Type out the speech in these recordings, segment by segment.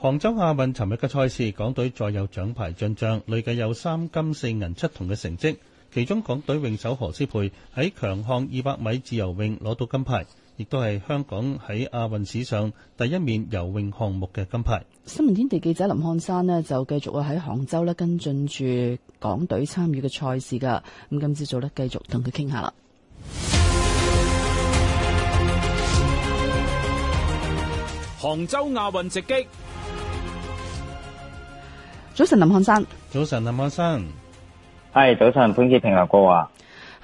杭州亞運尋日嘅賽事，港隊再有獎牌進賬，累計有三金四銀七銅嘅成績。其中港隊泳手何詩蓓喺強項二百米自由泳攞到金牌，亦都係香港喺亞運史上第一面游泳項目嘅金牌。新聞天地記者林漢山呢就繼續喺杭州跟進住港隊參與嘅賽事噶。咁今朝早呢，繼續同佢傾下啦。杭州亞運直擊。早晨，林漢山。早晨，林漢山。係，早晨，潘潔平劉國華：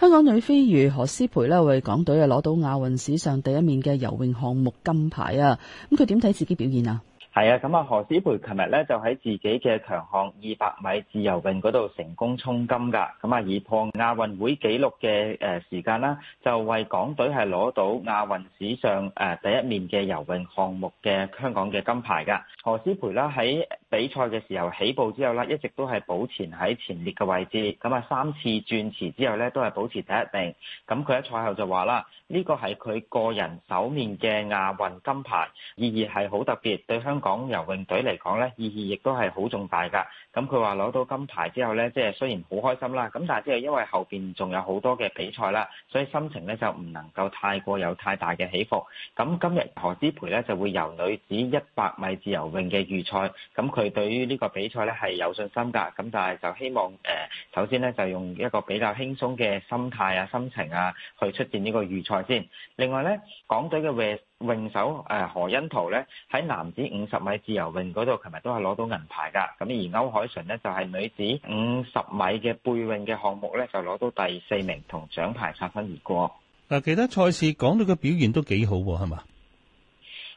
香港女飛魚何詩蓓呢為港隊啊攞到亞運史上第一面嘅游泳項目金牌啊！咁佢點睇自己表現啊？係啊，咁啊何詩蓓琴日呢就喺自己嘅強項二百米自由泳嗰度成功衝金噶，咁啊以破亞運會紀錄嘅誒時間啦，就為港隊係攞到亞運史上誒第一面嘅游泳項目嘅香港嘅金牌噶。何詩蓓啦喺。比賽嘅時候起步之後呢，一直都係保持喺前列嘅位置。咁啊，三次轉池之後呢，都係保持第一名。咁佢喺賽後就話啦，呢個係佢個人首面嘅亞運金牌，意義係好特別，對香港游泳隊嚟講呢，意義亦都係好重大㗎。咁佢話攞到金牌之後呢，即係雖然好開心啦，咁但係之後因為後邊仲有好多嘅比賽啦，所以心情呢就唔能夠太過有太大嘅起伏。咁今日何詩蓓呢，就會遊女子一百米自由泳嘅預賽。咁佢。佢對於呢個比賽咧係有信心㗎，咁但係就希望誒、呃，首先呢，就用一個比較輕鬆嘅心態啊、心情啊，去出戰呢個預賽先。另外呢，港隊嘅泳手何恩圖呢，喺男子五十米自由泳嗰度，琴日都係攞到銀牌㗎。咁而歐鎧淳呢，就係、是、女子五十米嘅背泳嘅項目呢，就攞到第四名同獎牌擦身而過。嗱，其他賽事港隊嘅表現都幾好喎，係嘛？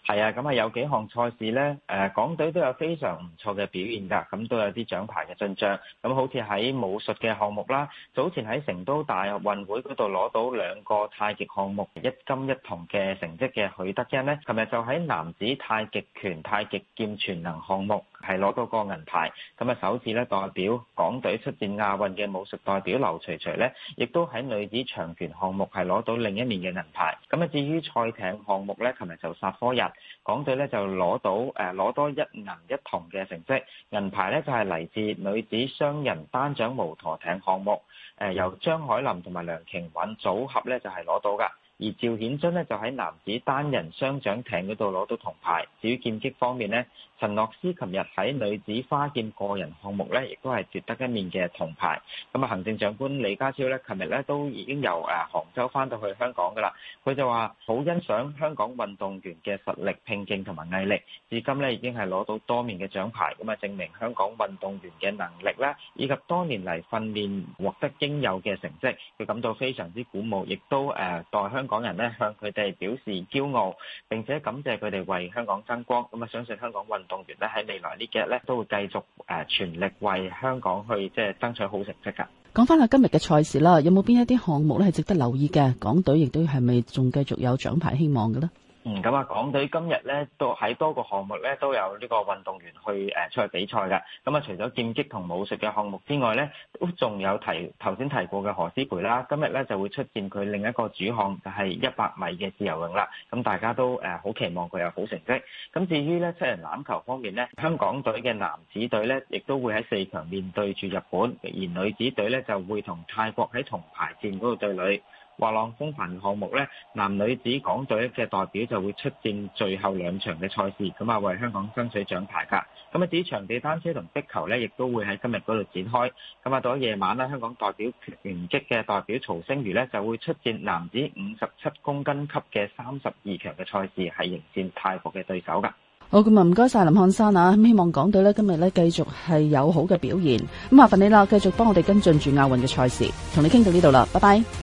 係啊，咁有幾項賽事呢，誒，港隊都有非常唔錯嘅表現㗎，咁都有啲獎牌嘅進帳。咁好似喺武術嘅項目啦，早前喺成都大運會嗰度攞到兩個太極項目一金一銅嘅成績嘅許德欣呢，琴日就喺男子太極拳、太極劍全能項目，係攞到個銀牌，咁啊，首次咧代表港隊出戰亞運嘅武術代表劉徐徐咧，亦都喺女子長拳項目係攞到另一面嘅銀牌。咁啊，至於賽艇項目咧，琴日就殺科日，港隊咧就攞到誒攞多一銀一銅嘅成績。銀牌咧就係嚟自女子雙人單槳無舵艇項目，誒由張海林同埋梁瓊韻組合咧就係攞到噶。而趙顯津呢，就喺男子單人雙槳艇嗰度攞到銅牌。至於劍擊方面呢，陳樂思琴日喺女子花劍個人項目呢，亦都係奪得一面嘅銅牌。咁啊，行政長官李家超呢，琴日呢都已經由誒杭州翻到去香港噶啦。佢就話好欣賞香港運動員嘅實力、拼勁同埋毅力。至今呢已經係攞到多面嘅獎牌，咁啊證明香港運動員嘅能力啦，以及多年嚟訓練獲得應有嘅成績，佢感到非常之鼓舞，亦都誒代香。香港人咧，向佢哋表示驕傲，並且感謝佢哋為香港爭光。咁啊，相信香港運動員咧喺未來呢幾日咧都會繼續誒全力為香港去即係爭取好成績噶。講翻下今日嘅賽事啦，有冇邊一啲項目咧係值得留意嘅？港隊亦都係咪仲繼續有獎牌希望嘅咧？嗯，咁啊，港隊今日咧，都喺多個項目咧都有呢個運動員去誒出去比賽㗎。咁啊，除咗劍擊同武術嘅項目之外咧，都仲有提頭先提過嘅何詩蓓啦。今日咧就會出戰佢另一個主項，就係一百米嘅自由泳啦。咁大家都誒好期望佢有好成績。咁至於咧七人欖球方面咧，香港隊嘅男子隊咧亦都會喺四強面對住日本，而女子隊咧就會同泰國喺銅牌戰嗰度對壘。滑浪風帆嘅項目呢，男女子港隊嘅代表就會出戰最後兩場嘅賽事，咁啊，為香港爭取獎牌噶。咁啊，至於場地單車同壁球呢，亦都會喺今日嗰度展開。咁啊，到咗夜晚咧，香港代表拳擊嘅代表曹星如呢，就會出戰男子五十七公斤級嘅三十二強嘅賽事，係迎戰泰國嘅對手噶。好，咁啊唔該晒林漢山啊，希望港隊呢，今日呢，繼續係有好嘅表現。咁麻煩你啦，繼續幫我哋跟進住亞運嘅賽事，同你傾到呢度啦，拜拜。